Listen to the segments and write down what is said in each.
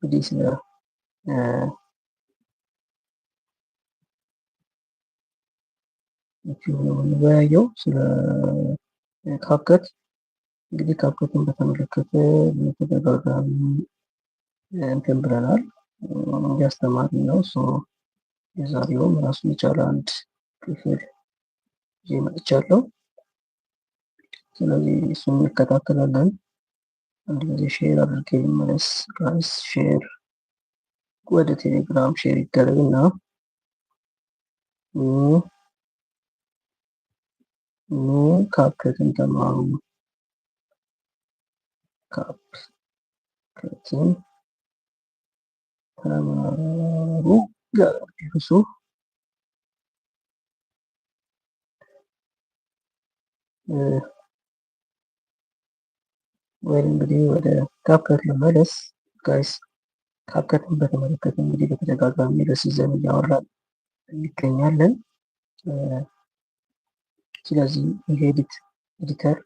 እንግዲህ ስለ የምንወያየው ስለ ካፕከት እንግዲህ ካፕከትን በተመለከተ በተደጋጋሚ እንትን ብለናል። እያስተማሪ ነው። የዛሬውም ራሱን የቻለ አንድ ክፍል ይዤ መጥቻለሁ። ስለዚህ እሱን እንከታተላለን። እንደዚህ ሼር አድርጌ መለስ ጋይስ ሼር ወደ ቴሌግራም ሼር ይደረግና ኑ ኑ ካፕከትን ተማሩ። ካፕከትን ተማሩ ያሱ እ ወይም እንግዲህ ወደ ካፕከት ለመለስ ጋይስ ካፕከትን በተመለከተ እንግዲህ በተደጋጋሚ በሲዘን እያወራ እንገኛለን። ስለዚህ ይህ ኤዲት ኤዲተር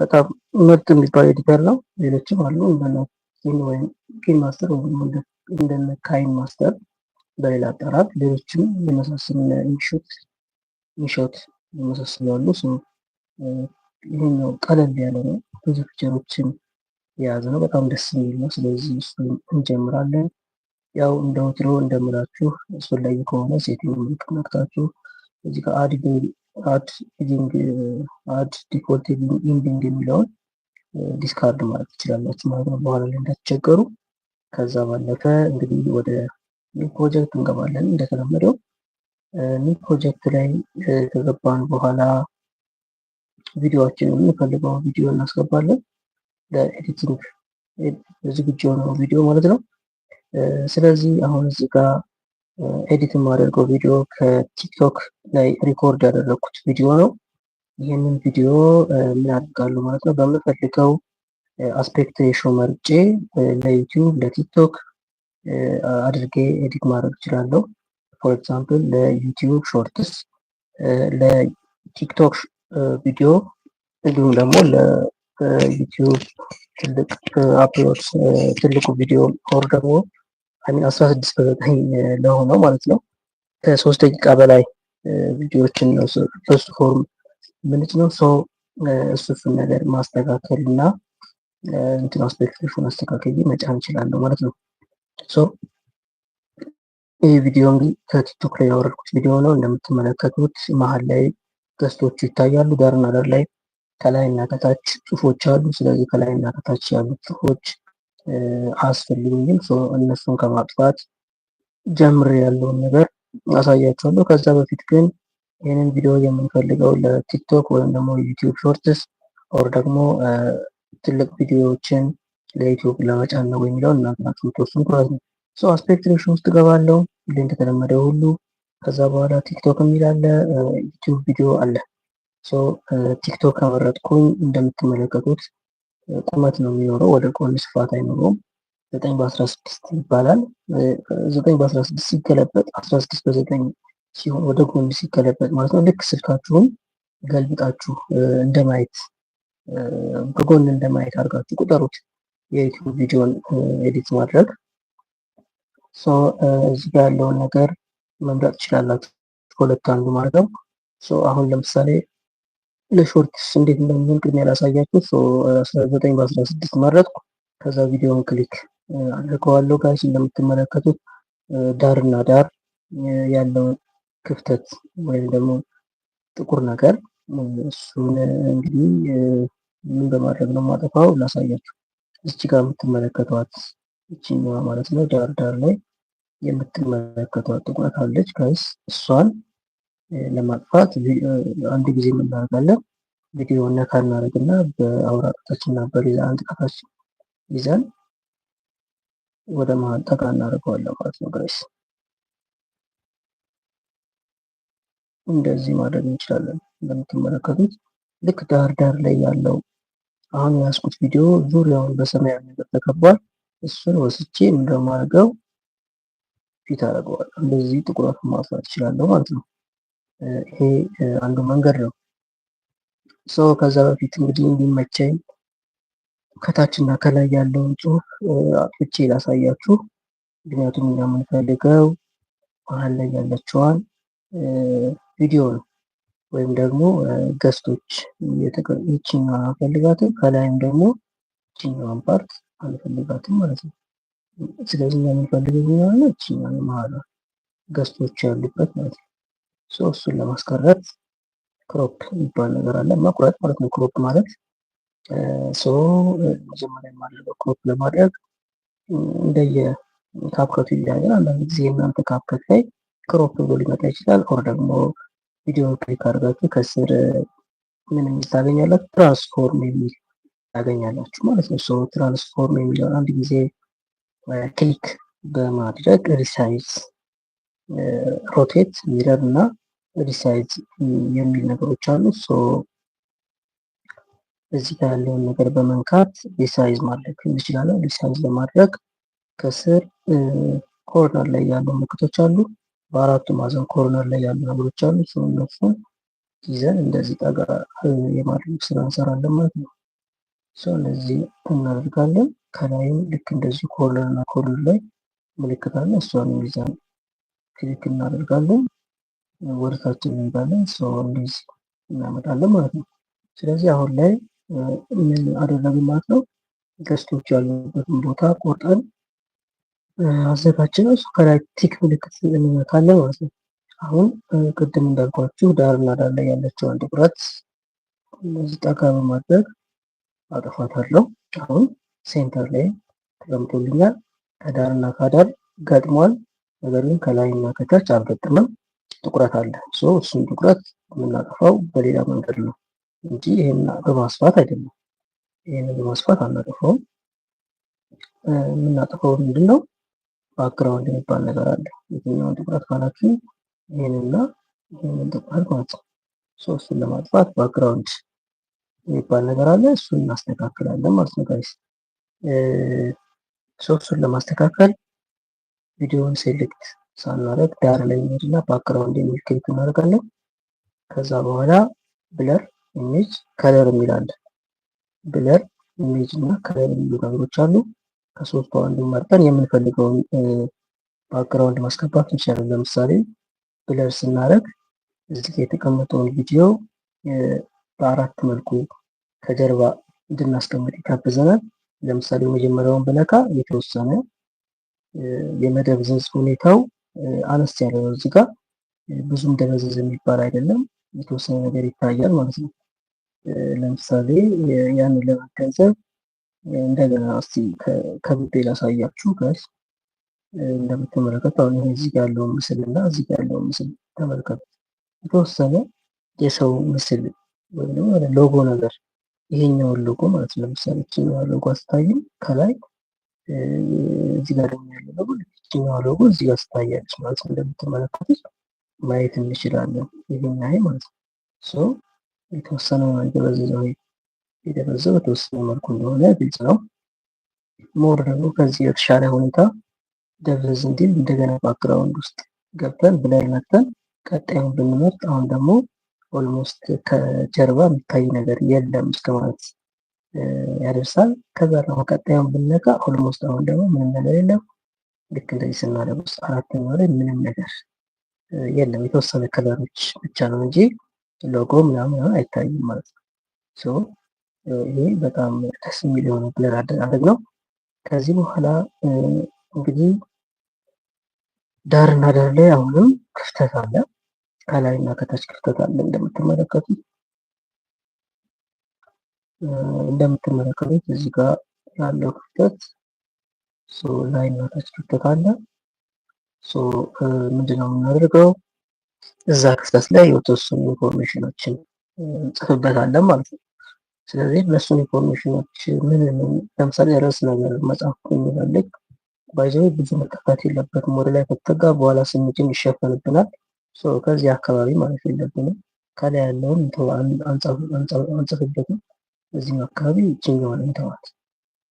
በጣም ምርጥ የሚባል ኤዲተር ነው። ሌሎችም አሉ እንደነ ኪን ወይም ኪን ማስተር ወይም እንደነ ካይን ማስተር በሌላ አጠራር ሌሎችም የመሳሰሉ ኢንሾት ኢንሾት የመሳሰሉ አሉ። ይህኛው ቀለል ያለ ነው። ብዙ ፊቸሮችን የያዘ ነው። በጣም ደስ የሚል ነው። ስለዚህ እሱን እንጀምራለን። ያው እንደ ወትሮ እንደምላችሁ አስፈላጊ ከሆነ ሴቲንግ ምልክት ነክታችሁ እዚህ ከአድ አድ አድ ዲፎልት ኢንቢንግ የሚለውን ዲስካርድ ማለት ትችላላችሁ ማለት ነው፣ በኋላ ላይ እንዳትቸገሩ። ከዛ ባለፈ እንግዲህ ወደ ኒው ፕሮጀክት እንገባለን። እንደተለመደው ኒው ፕሮጀክት ላይ ከገባን በኋላ ቪዲዮዎችን የምንፈልገው ቪዲዮ እናስገባለን። ለኤዲቲንግ ዝግጁ የሆነው ቪዲዮ ማለት ነው። ስለዚህ አሁን እዚ ጋር ኤዲት የማደርገው ቪዲዮ ከቲክቶክ ላይ ሪኮርድ ያደረግኩት ቪዲዮ ነው። ይህንን ቪዲዮ ምን አድርጋሉ ማለት ነው በምፈልገው አስፔክት ሬሾ መርጬ ለዩቲዩብ ለቲክቶክ አድርጌ ኤዲት ማድረግ እችላለሁ። ፎር ኤግዛምፕል ለዩቲዩብ ሾርትስ ለቲክቶክ ቪዲዮ እንዲሁም ደግሞ ለዩቲዩብ ትልቅ አፕሎድ ትልቁ ቪዲዮ ኦር ደግሞ አስራ ስድስት በዘጠኝ ለሆነው ማለት ነው ከሶስት ደቂቃ በላይ ቪዲዮዎችን ነው በሱ ፎርም ምንጭ ነው ሰው እሱሱን ነገር ማስተካከል እና እንትን አስፔክቴሽን አስተካከል መጫን ይችላለሁ ማለት ነው። ይህ ቪዲዮ እንግዲህ ከቲክቶክ ላይ ያወረድኩት ቪዲዮ ነው። እንደምትመለከቱት መሀል ላይ ገስቶቹ ይታያሉ። ዳርና ዳር ላይ ከላይና ከታች ጽሁፎች አሉ። ስለዚህ ከላይና ከታች ያሉት ጽሁፎች አስፈልጉኝም። እነሱን ከማጥፋት ጀምር ያለውን ነገር አሳያችኋለሁ። ከዛ በፊት ግን ይህንን ቪዲዮ የምንፈልገው ለቲክቶክ ወይም ደግሞ ዩቲዩብ ሾርትስ ኦር ደግሞ ትልቅ ቪዲዮዎችን ለዩቲዩብ ለመጫን ነው የሚለውን እናንተ ናችሁ ነው። አስፔክት ውስጥ ገባለው። ሁሌ እንደተለመደ ሁሉ ከዛ በኋላ ቲክቶክ የሚል አለ፣ ዩቲዩብ ቪዲዮ አለ። ቲክቶክ ከመረጥኩኝ እንደምትመለከቱት ቁመት ነው የሚኖረው፣ ወደ ጎን ስፋት አይኖረውም። ዘጠኝ በአስራ ስድስት ይባላል። ዘጠኝ በአስራ ስድስት ሲገለበጥ አስራ ስድስት በዘጠኝ ሲሆን ወደ ጎን ሲገለበጥ ማለት ነው። ልክ ስልካችሁን ገልብጣችሁ እንደማየት በጎን እንደማየት አድርጋችሁ ቁጠሩት። የዩቲዩብ ቪዲዮን ኤዲት ማድረግ እዚ ጋ ያለውን ነገር መምረጥ ትችላላችሁ። ከሁለት አንዱ ማለት ነው። አሁን ለምሳሌ ለሾርትስ እንዴት እንደሚሆን ቅድሚያ ላሳያችሁ። አስራ ዘጠኝ በአስራ ስድስት መረጥኩ። ከዛ ቪዲዮውን ክሊክ አድርገዋለሁ። ጋይስ እንደምትመለከቱት ዳርና ዳር ያለውን ክፍተት ወይም ደግሞ ጥቁር ነገር እሱን እንግዲህ ምን በማድረግ ነው ማጠፋው ላሳያችሁ። እዚህ ጋር የምትመለከቷት ይችኛዋ ማለት ነው ዳር ዳር ላይ የምትመለከቷ ጥቁር ካለች ጋይስ እሷን ለማጥፋት አንድ ጊዜ የምናደርጋለን። ቪዲዮ ነካ እናደርግና በአውራ ጣታችንና በሌላ አንድ ጣታችን ይዘን ወደ መሀል ጠቃ እናደርገዋለን ማለት ነው ጋይስ። እንደዚህ ማድረግ እንችላለን። እንደምትመለከቱት ልክ ዳር ዳር ላይ ያለው አሁን ያስኩት ቪዲዮ ዙሪያውን በሰማያዊ ነገር ተከቧል። እሱን ወስቼ እንደማድረገው ፊት አደርገዋለሁ። እንደዚህ ጥቁራት ማስራት ይችላለሁ ማለት ነው። ይሄ አንዱ መንገድ ነው። ሰው ከዛ በፊት እንግዲህ እንዲመቸኝ ከታች እና ከላይ ያለውን ጽሁፍ አጥፍቼ ላሳያችሁ። ምክንያቱም እኛ የምንፈልገው መሀል ላይ ያለችዋን ቪዲዮ ነው ወይም ደግሞ ገስቶች ይችኛዋን አንፈልጋትም። ከላይም ደግሞ ይችኛዋን ፓርት አንፈልጋትም ማለት ነው። ስለዚህ የምንፈልገው የሚሆነ እችኛው የመሀሉ ገዝቶች ያሉበት ማለት ነው። ሶ እሱን ለማስቀረት ክሮፕ የሚባል ነገር አለ፣ መቁረጥ ማለት ነው። ክሮፕ ማለት ሶ መጀመሪያ የማድረገው ክሮፕ ለማድረግ እንደየ ካፕከቱ ይለያያል። አንዳንድ ጊዜ የእናንተ ካፕከት ላይ ክሮፕ ብሎ ሊመጣ ይችላል። ኦር ደግሞ ቪዲዮ ክሊክ አድርጋችሁ ከስር ምን የሚል ታገኛላችሁ? ትራንስፎርም የሚል ታገኛላችሁ ማለት ነው። ሶ ትራንስፎርም የሚለውን አንድ ጊዜ ክሊክ በማድረግ ሪሳይዝ ሮቴት ሚረር እና ሪሳይዝ የሚል ነገሮች አሉ። እዚህ ጋር ያለውን ነገር በመንካት ሪሳይዝ ማድረግ እንችላለን። ሪሳይዝ ለማድረግ ከስር ኮርነር ላይ ያሉ ምልክቶች አሉ። በአራቱ ማዕዘን ኮርነር ላይ ያሉ ነገሮች አሉ። እነሱን ይዘን እንደዚህ ጠጋ የማድረግ ስራ እንሰራለን ማለት ነው። እነዚህ እናደርጋለን። ከላይም ልክ እንደዚህ ኮለር እና ኮለር ላይ ምልክት እሷን ሚዛን ክሊክ እናደርጋለን፣ ወደታችን እንሄዳለን። ሰው እንደዚህ እናመጣለን ማለት ነው። ስለዚህ አሁን ላይ ምን አደረግን ማለት ነው። ገስቶች ያሉበትን ቦታ ቆርጠን አዘጋጅነው ከላይ ቲክ ምልክት እንመታለን ማለት ነው። አሁን ቅድም እንዳልኳችሁ ዳርና ዳር ላይ ያለችውን ትኩረት እነዚህ ጠጋ በማድረግ አለው። አሁን ሴንተር ላይ ተቀምጦልኛል። ከዳርና ከዳር ገጥሟል። ነገር ግን ከላይና ከታች አልገጥምም። ጥቁረት አለ። እሱን ጥቁረት የምናጠፋው በሌላ መንገድ ነው እንጂ ይህን በማስፋት አይደለም። ይህንን በማስፋት አናጠፋውም። የምናጠፋው ምንድን ነው? ባክግራውንድ የሚባል ነገር አለ። የትኛውን ጥቁረት ካላችሁ ይህንና ይህንን ጥቁረት ማለት ነው። እሱን ለማጥፋት ባክግራውንድ የሚባል ነገር አለ። እሱ እናስተካክላለን ማለት ነው ጋይስ። ሶ ለማስተካከል ቪዲዮውን ሴሌክት ሳናደርግ ዳር ላይ ሄድና ባክግራውንድ የሚል ክሊክ እናደርጋለን። ከዛ በኋላ ብለር ኢሜጅ ከለር የሚላለ ብለር ኢሜጅ እና ከለር የሚሉ ነገሮች አሉ። ከሶስቱ አንዱ መርጠን የምንፈልገውን ባክግራውንድ ማስገባት እንችላለን። ለምሳሌ ብለር ስናደርግ እዚህ የተቀመጠውን ቪዲዮ በአራት መልኩ ከጀርባ እንድናስቀምጥ ይጋብዘናል። ለምሳሌ የመጀመሪያውን ብነካ የተወሰነ የመደብዘዝ ሁኔታው አነስ ያለ ነው። እዚህ ጋ ብዙም ደበዘዝ የሚባል አይደለም፣ የተወሰነ ነገር ይታያል ማለት ነው። ለምሳሌ ያንን ለመገንዘብ እንደገና እስቲ ከብቤ ላሳያችሁ። ጋር እንደምትመለከቱ አሁን ይሄ እዚህ ያለውን ምስል እና እዚህ ያለውን ምስል ተመልከቱ። የተወሰነ የሰው ምስል ወይም ደግሞ ሎጎ ነገር ይሄኛውን ሎጎ ማለት ነው። ለምሳሌ ይችኛዋ ሎጎ አስታይም ከላይ እዚህ ጋር ደግሞ ሎጎ ይችኛዋ ሎጎ እዚህ ጋር አስታያለች ማለት ነው። እንደምትመለከቱት ማየት እንችላለን። ይሄን አይ ማለት ነው ሶ የተወሰነ የደበዘዘው የደበዘዘው በተወሰነ መልኩ እንደሆነ ግልጽ ነው። ሞር ደግሞ ከዚህ የተሻለ ሁኔታ ደብዘዝ እንዲል እንደገና ባክግራውንድ ውስጥ ገብተን ብለን ነክተን ቀጣዩን ብንመርጥ አሁን ደግሞ ኦልሞስት ከጀርባ የሚታይ ነገር የለም እስከ ማለት ያደርሳል። ከዛ ደግሞ ቀጣዩን ብነካ ኦልሞስት አሁን ደግሞ ምንም ነገር የለም። ልክ እንደዚህ ስናደርግ ውስጥ አራተኛው ላይ ምንም ነገር የለም። የተወሰነ ከለሮች ብቻ ነው እንጂ ሎጎ ምናምን አይታይም ማለት ነው። ይሄ በጣም ደስ የሚል የሆነ ብለር አደረግ ነው። ከዚህ በኋላ እንግዲህ ዳርና ዳር ላይ አሁንም ክፍተት አለ። ከላይ እና ከታች ክፍተት አለ እንደምትመለከቱት እንደምትመለከቱት እዚህ ጋር ያለው ክፍተት ላይ እና ታች ክፍተት አለ። ምንድነው የምናደርገው? እዛ ክፍተት ላይ የተወሰኑ ኢንፎርሜሽኖችን እንጽፍበታለን ማለት ነው። ስለዚህ እነሱን ኢንፎርሜሽኖች ምን ምን ለምሳሌ ርዕስ ነገር መጽሐፍ የሚፈልግ ባይዘ ብዙ መጠጋት የለበትም። ወደ ላይ ከተጋ በኋላ ስሜትን ይሸፈንብናል። ከዚህ አካባቢ ማለፍ የለብንም። ከላይ ያለውን አንጽፍበትም። እዚህ አካባቢ ችኛዋን እንተዋት።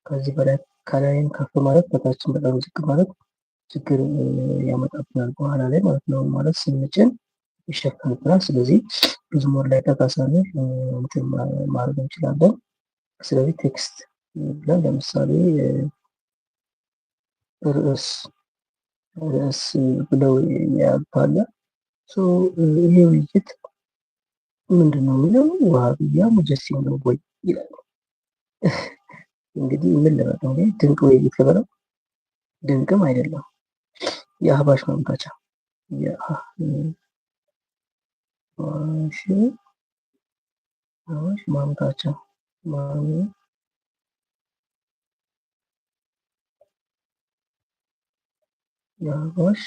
ከዚህ በላይ ከላይም ከፍ ማለት በታችን በጣም ዝቅ ማለት ችግር ያመጣብናል በኋላ ላይ ማለት ነው። ማለት ስንጭን ይሸፈንብናል። ስለዚህ ብዙ ሞር ላይ ጠቃሳለ ማድረግ እንችላለን። ስለዚህ ቴክስት ብለን ለምሳሌ ርዕስ ርዕስ ብለው ያባለ ይሄ ውይይት ምንድን ነው የሚለው ዋሃብያ ሙጀሲም ነው ወይ ይላል። እንግዲህ ምን ለመጠው ድንቅ ውይይት ልበለው ድንቅም አይደለም። የአህባሽ ማምታቻ የአህባሽ ማምታቻ የአህባሽ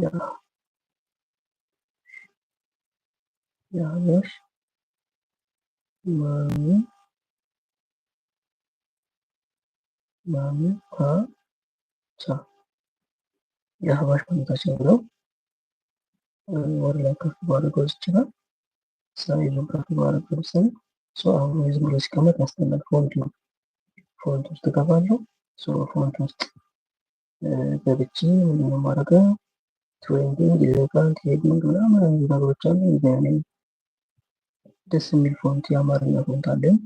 Ya, yağmur, mami, mami, ha, ሳ የአህባሽ ኮሚኒካሽን ብለው ወደ ላይ ከፍ ባድርገው ይችላል። ሳይዙን ከፍ ባድርግ ለምሳሌ ሰው አሁን ዝም ብሎ ሲቀመጥ ያስጠላል። ፎንት ፎንት ውስጥ እገባለሁ። ፎንት ውስጥ ገብቼ ምንድነው ማድረገው ሌጋል ቴክኒክ ምናምን ነገሮች አሉ። ደስ የሚል ፎንት የአማርኛ ፎንት አለኝ።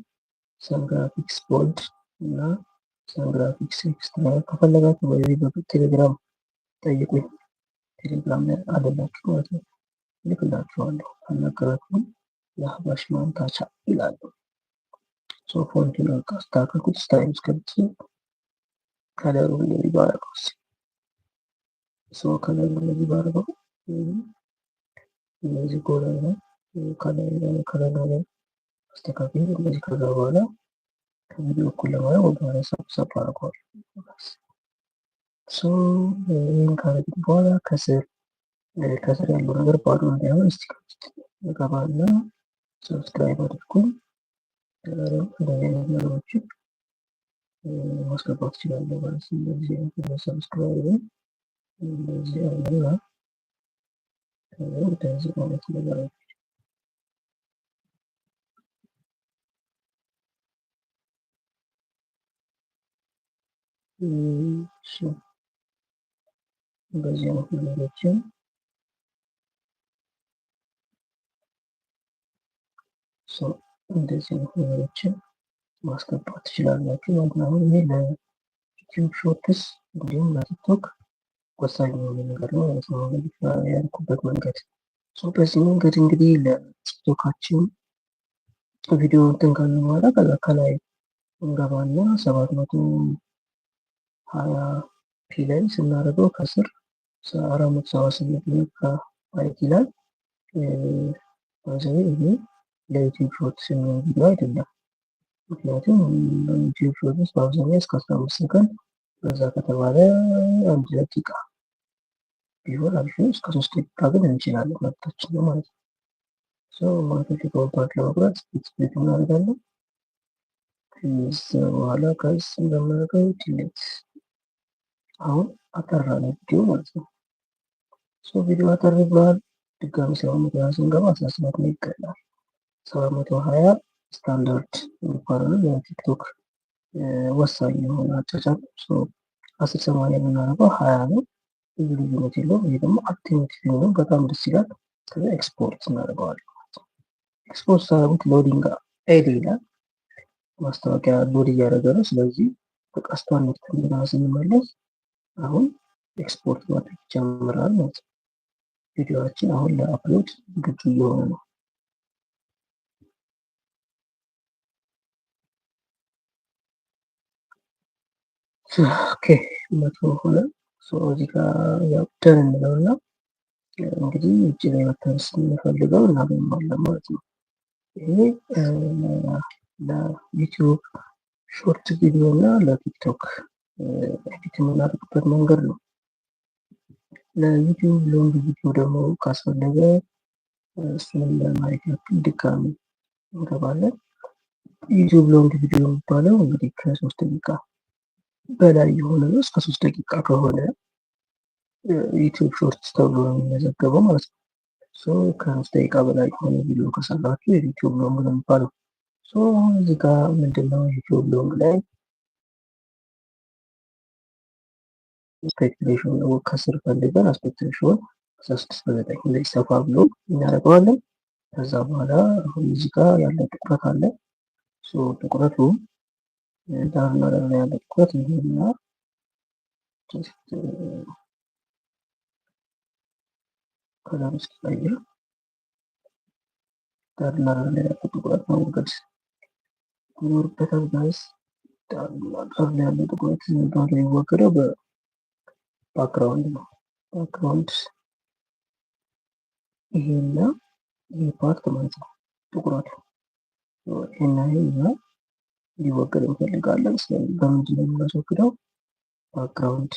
ሰንግራፊክስ ቦልድ እና ሰንግራፊክስ ኤክስትራ ከፈለጋችሁ በዚህ በፊት ቴሌግራም ቴሌግራም ላይ አለላችሁ ማለት ነው። ልክላችኋለሁ። አልነገራችሁም የሀባሽ ማምታቻ ይላሉ። ሶ ፎንቱን አስተካከልኩት። ስታይል እስከብቼ ከለሩ የሚባለው ሰው ከላይ እንደዚህ ባርገው እንደዚህ ጎላ ነው ከላይ ከላይ አስተካክል እንደዚህ። ከዛ በኋላ ከዚህ በኩል ለማለት ወደኋላ ሰብሰብ አድርገዋል። ይህን ካረግን በኋላ ከስር ከስር ያለው ነገር ባዶ እንዳይሆን እስቲ ከውስጥ ገባና ሰብስክራይብ አድርጉኝ። እንደዚህ ነገሮችን ማስገባት ይችላለ ማለት ነው። እንደዚህ አይነት ሰብስክራይብን እንደዚህ ያለና እንደዚህ አይነት ነገሮችን ማስገባት ትችላላችሁ ማለት ነው። ይሄ ለዩቲዩብ ሾርትስ እንዲሁም ለቲክቶክ ወሳኝ የሆነ ነገር ነው ማለት ነው ያልኩበት መንገድ። በዚህ መንገድ እንግዲህ ለቲክቶካችን ቪዲዮ እንትን ካለ በኋላ ከዛ ከላይ እንገባና ሰባት መቶ ሀያ ፒ ላይ ስናደርገው ከስር አራት መቶ ሰባ ስምንት ከማየት ይላል። ባይዘዌ ይሄ ለዩቲዩብ ሾርት የሚሆን ቪዲዮ አይደለም። ምክንያቱም በዩቲዩብ ሾርት ውስጥ በአብዛኛው እስከ አስራ አምስት ሰከንድ በዛ ከተባለ አንድ ደቂቃ ቢሆን አሪፍ ነው። እስከ ሶስት ደቂቃ ግን እንችላለን መብታችን ነው ማለት ነው። ሰው ማቶች የተወባት ለመቁረጥ ስፔት እናደርጋለን። ከዚ በኋላ ከስ እንደምናደርገው ቲሌት አሁን አጠራ ነው ቪዲዮ ማለት ነው። ሰው ቪዲዮ አጠር ብለዋል። ድጋሚ ሰባት መቶ ሀያ ስንገባ አስራ ሰባት ነው ይቀላል። ሰባት መቶ ሀያ ስታንዳርድ የሚባለውን የቲክቶክ ወሳኝ የሆነ አጫጫር አስር ሰማንያ የምናደርገው ሀያ ነው። ብዙ ልዩነት የለውም። ይህ ደግሞ አክቲቪቲ ነው፣ በጣም ደስ ይላል። ከዚ ኤክስፖርት እናደርገዋለን። ኤክስፖርት ሳደረጉት ሎዲንግ ኤድ ይላል። ማስታወቂያ ሎድ እያደረገ ነው። ስለዚህ በቃስቷነት ከሚና ስንመለስ አሁን ኤክስፖርት ማድረግ ይጀምራል ማለት ነው። ቪዲዮችን አሁን ለአፕሎድ ዝግጁ እየሆነ ነው። ኦኬ መቶ ሆነ። እዚህ ጋር ያው ደን እንለውና እንግዲህ እጅ ላይ መተን ስንፈልገው እናገኘዋለን ማለት ነው። ይሄ ለዩቲዩብ ሾርት ቪዲዮ እና ለቲክቶክ ኤዲት የምናደርግበት መንገድ ነው። ለዩቲዩብ ሎንግ ቪዲዮ ደግሞ ካስፈለገ እሱንም ለማየት ያክል ድጋሚ እንገባለን። ዩቲዩብ ሎንግ ቪዲዮ የሚባለው እንግዲህ ከሶስት ደቂቃ በላይ የሆነ ነው። እስከ ሶስት ደቂቃ ከሆነ ዩቲዩብ ሾርትስ ተብሎ ነው የሚመዘገበው ማለት ነው። ከሶስት ደቂቃ በላይ የሆነ ቪዲዮ ከሰራችሁ የዩቲዩብ ሎንግ ነው የሚባለው። እዚህ ጋ ምንድነው ዩቲዩብ ሎንግ ላይ አስፔክት ሬሽን ነው ከስር ፈልገን አስፔክት ሬሽን በዘጠኝ ላይ ሰፋ ብሎ እናደርገዋለን። ከዛ በኋላ አሁን እዚህ ጋ ያለ ጥቁረት አለ። ትኩረቱ ዳርና ዳር ላይ ያለኳት ይሄና ጀስት ከለር ውስጥ ቀይር ዳርና ዳር ላይ ያለ ጥቁረት ማወገድ ይኖርበታል። ጋይስ ዳርና ዳር ላይ ያለ ጥቁረት ዳር ላይ ይወገደው በባክግራውንድ ነው። ባክግራውንድ ይሄና ይሄ ፓርት ማለት ነው ጥቁረቱ እና ይሄ እንዲወገድ እንፈልጋለን። በምንድን ነው የምናስወግደው? ባክግራውንድ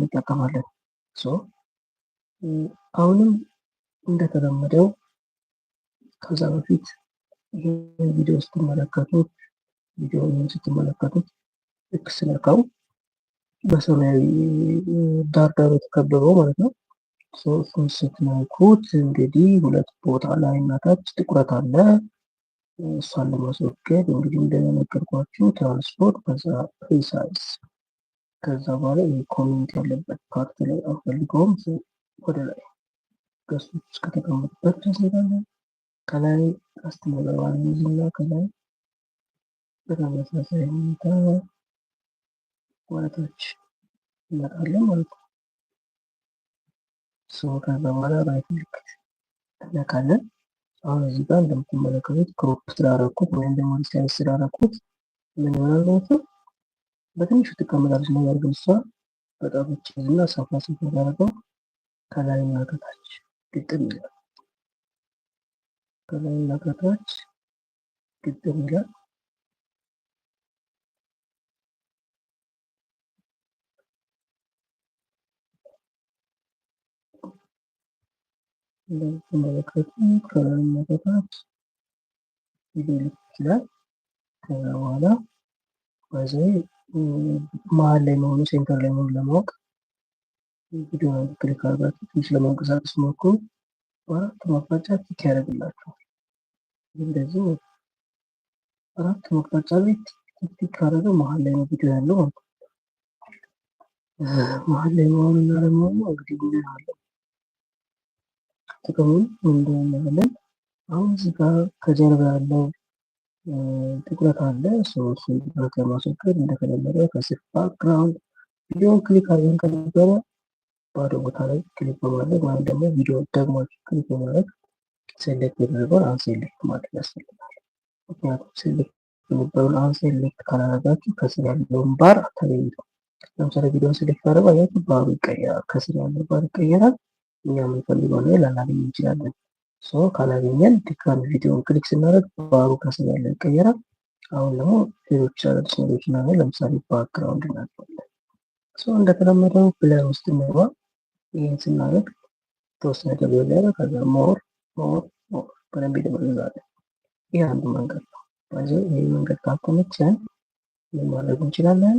እንጠቀማለን። አሁንም እንደተለመደው ከዛ በፊት ይህ ቪዲዮ ስትመለከቱት ቪዲዮ ስትመለከቱት ልክ ስነካው በሰማያዊ ዳርዳሩ የተከበበው ማለት ነው። እሱን ስትነኩት እንግዲህ ሁለት ቦታ ላይ እና ታች ጥቁረት አለ። እሷን ለማስወገድ እንግዲህ እንደነገርኳችሁ ትራንስፖርት በዛ ሪሳይዝ ከዛ በኋላ ይህ ኮሜንት ያለበት ፓርት ላይ አንፈልገውም። ወደ ላይ ገሶች ውስጥ ከተቀመጡበት እንሄዳለን። ከላይ ቀስት ነገር ባለመዝና ከላይ በተመሳሳይ ሁኔታ ወደታች እንመጣለን ማለት ነው። ከዛ በኋላ ራይት ክሊክ እንነካለን። አሁን እዚህ ጋር እንደምትመለከቱት ክሮፕ ስላረኩት ወይም ደግሞ ሪሳይዝ ስላረኩት ምን ይሆናል ማለት ነው፣ በትንሹ ትቀመጣለች። ነገር ግን እሷ በጣም እና ሰፋ ሰፋ ያደረገው ከላይና ከታች ግጥም ይላል። ከላይና ከታች ግጥም ይላል። Lezzetine bakıyorsun. Kararına kadar birlikler ከዛ በኋላ በዚህ መሀል ላይ መሆኑ ሴንተር ላይ መሆኑ ለማወቅ ቪዲዮ ክሊክ አድርጋችሁ ትንሽ ለመንቀሳቀስ ሞክሩ። በአራቱም አቅጣጫ ቲክ ያደርግላችኋል። እንደዚህ አራቱም አቅጣጫ ላይ ቲክ ቲክ ካደረገ መሀል ላይ ነው ቪዲዮ ያለው ማለት ነው። መሀል ላይ መሆኑና ለመሆኑ እንግዲህ ጉዞ አለው። ጥቅሙን ምንድን ነው አሁን እዚህ ጋር ከጀርባ ያለው ጥቁረት አለ። ሰዎች ጥቁረት ለማስወገድ እንደተለመደው ከስር ባክግራውንድ ቪዲዮን ክሊክ አድርገን ከነበረ ባዶ ቦታ ላይ ክሊክ በማድረግ ወይም ደግሞ ቪዲዮ ደግሞ ክሊክ በማድረግ ሴሌክት የተደረገውን አንሴሌክት ማድረግ ያስፈልጋል። ምክንያቱም ሴሌክት የነበረውን አንሴሌክት ካላረጋችሁ ከስር ያለውን ባር አታገኙትም። ለምሳሌ ቪዲዮን ሴሌክት አደረገ ባሩ ይቀየራል፣ ከስር ያለው ባር ይቀየራል። እኛ የምንፈልገውን ላይ ላናገኝ እንችላለን። ካላገኘን ድጋሚ ቪዲዮን ክሊክ ስናደርግ ባሩ ከስር ያለ ይቀየራል። አሁን ደግሞ ሌሎች አዳዲስ ነገሮች ና ለምሳሌ ባክግራውንድ ሶ እንደተለመደው ብላይ ውስጥ እንግባ። ይህን ስናደርግ የተወሰነ ደብሎ ላይ ከዛ ሞር ሞር ሞር በደንብ ይደመዘዛለን። ይህ አንዱ መንገድ ነው። በዚህ ይህ መንገድ ካልተመቸን ምን ማድረግ እንችላለን?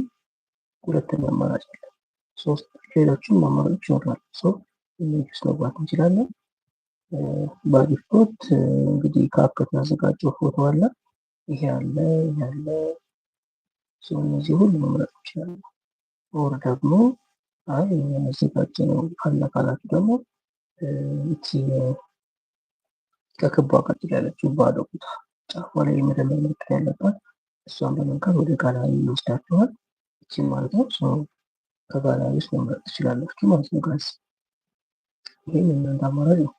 ሁለተኛ አማራጭ አለን። ሶስት ሌሎችም አማራጮች ይኖራል። ሶ ኢሜጅ ውስጥ መግባት እንችላለን። ባዲፎት እንግዲህ ካፕከት ያዘጋጀው ፎቶ አለ። ይሄ አለ፣ ይሄ አለ። እነዚህ ሁሉ መምረጥ እንችላለን። ኦር ደግሞ አይ ያዘጋጀ ነው ካለ ካላችሁ ደግሞ እቲ ከክቧ ቀጥል ያለችው ባዶ ቦታ ጫፏ ላይ የመደመር ምልክት ያለባት እሷን በመንካት ወደ ጋላሪ ይወስዳችኋል። እቺ ማለት ነው። ከጋላሪ ውስጥ መምረጥ ትችላላችሁ ማለት ነው ጋይስ። ይህ እናንተ አማራጭ ነው።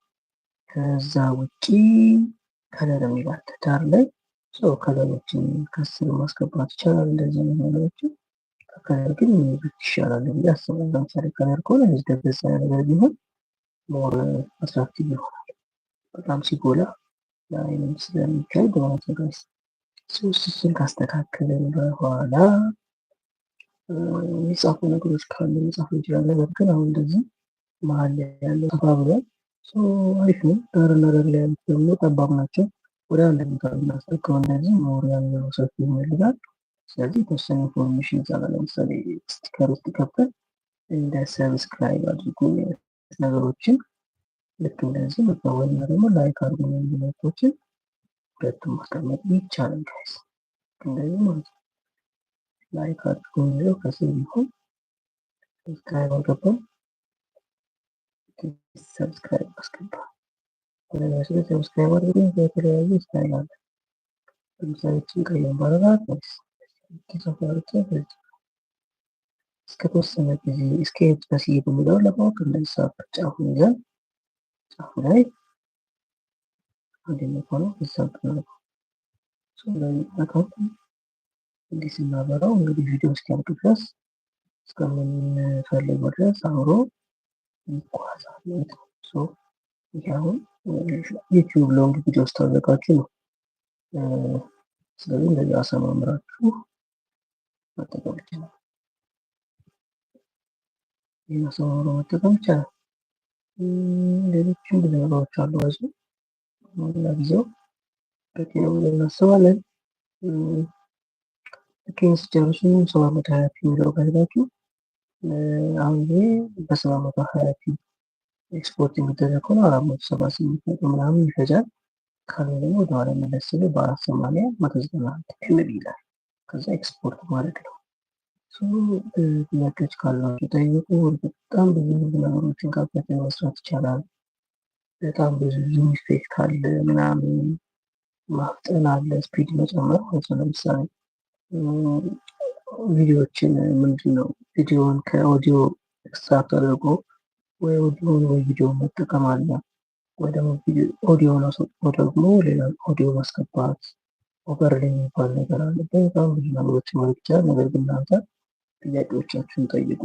ከዛ ውጪ ከለር የሚባል ዳር ላይ ሰው ከለሮችን ከስር ማስገባት ይቻላል። እንደዚህ ነገሮችን ከከለር ግን የሚሉት ይሻላል ብዬ አስባለሁ። ለምሳሌ ከለር ከሆነ ህዝብ ደበዛ ነገር ቢሆን ሞር አትራክቲቭ ይሆናል። በጣም ሲጎላ ለአይንም ስለሚካሄድ ማለት ነገር ጋይስ። ሶስትን ካስተካከልን በኋላ የሚጻፉ ነገሮች ካሉ መጻፍ እንችላለን። ነገር ግን አሁን እንደዚህ መሀል ያለው ሰፋ ብሏል። አሪፍ ነው። ዳርና ዳር ላይ ያሉት ደግሞ ጠባብ ናቸው። ወደ አንድ ቦታ ከሆነ እንደዚህ መሪ ያለው ሰፊ ይፈልጋል። ስለዚህ የተወሰነ ኢንፎርሜሽን ይዛላ። ለምሳሌ ስቲከር ውስጥ ከፍተን እንደ ሰብስክራይብ አድርጉ ነገሮችን ልክ እንደዚህ መታወቅና ደግሞ ላይክ አድርጉ ነገሮችን ሁለቱም ማስቀመጥ ይቻላል። ጋይስ እንደዚህ ማለት ነው። ላይክ አድርጉ የሚለው ከስር ቢሆን ሰብስክራይብ አልገባም ሰብስክራይብ አስገባ። ስለ ሰብስክራይብ አድርገን የተለያየ ስታይል አለ። ለምሳሌ ችን ቀይ እስከተወሰነ ጊዜ እስከ የት ድረስ ይሄድ ለማወቅ እንደዚህ ጫፉን ይዘን ጫፉ ላይ አንደኛ ሂሳብ ነው እንዲህ ስናበራው እንግዲህ ቪዲዮ እስኪያልቅ ድረስ እስከምንፈልገው ድረስ አብሮ ይጓዛል ማለት ይህ አሁን ዩቲዩብ ሎንግ ቪዲዮ ስታዘጋጁ ነው። ስለዚህ እንደዚህ አሰማምራችሁ መጠቀም ይቻላል። ይህ አሰማምሮ መጠቀም ይቻላል። ሌሎችም ብዙ ነገሮች አሉ። በዙ ለጊዜው በቂ ነው ብለን እናስባለን። ልክ ስጨርሱ ሰባ መቶ ሀያ የሚለው ጋዜጣችሁ አሁን ጊዜ በሰባት መቶ ሀያ ፊት ኤክስፖርት የሚደረግ ከሆነ አራት መቶ ሰባ ስምንት መቶ ምናምን ይፈጃል። ካልሆነ ደግሞ ወደኋላ መለስ ሲል በአራት ሰማንያ መቶ ዘጠና አንድ ኤምቢ ይላል። ከዛ ኤክስፖርት ማድረግ ነው። ጥያቄዎች ካሏቸው ጠይቁ። በጣም ብዙ ብዙ ነገሮችን ካፒታል መስራት ይቻላል። በጣም ብዙ ዙም ኢፌክት አለ ምናምን ማፍጠን አለ ስፒድ መጨመር ማለት ነው። ለምሳሌ ቪዲዮዎችን ምንድን ነው ቪዲዮውን ከኦዲዮ ኤክስትራክት አድርጎ ወይ ኦዲዮን ወይ ቪዲዮ መጠቀም አለ። ወይ ደግሞ ኦዲዮን አስወጥቶ ደግሞ ሌላ ኦዲዮ ማስገባት ኦቨርሌ የሚባል ነገር አለ። በጣም ብዙ ነገሮች ይኖር ይችላል። ነገር ግን እናንተ ጥያቄዎቻችሁን ጠይቁ።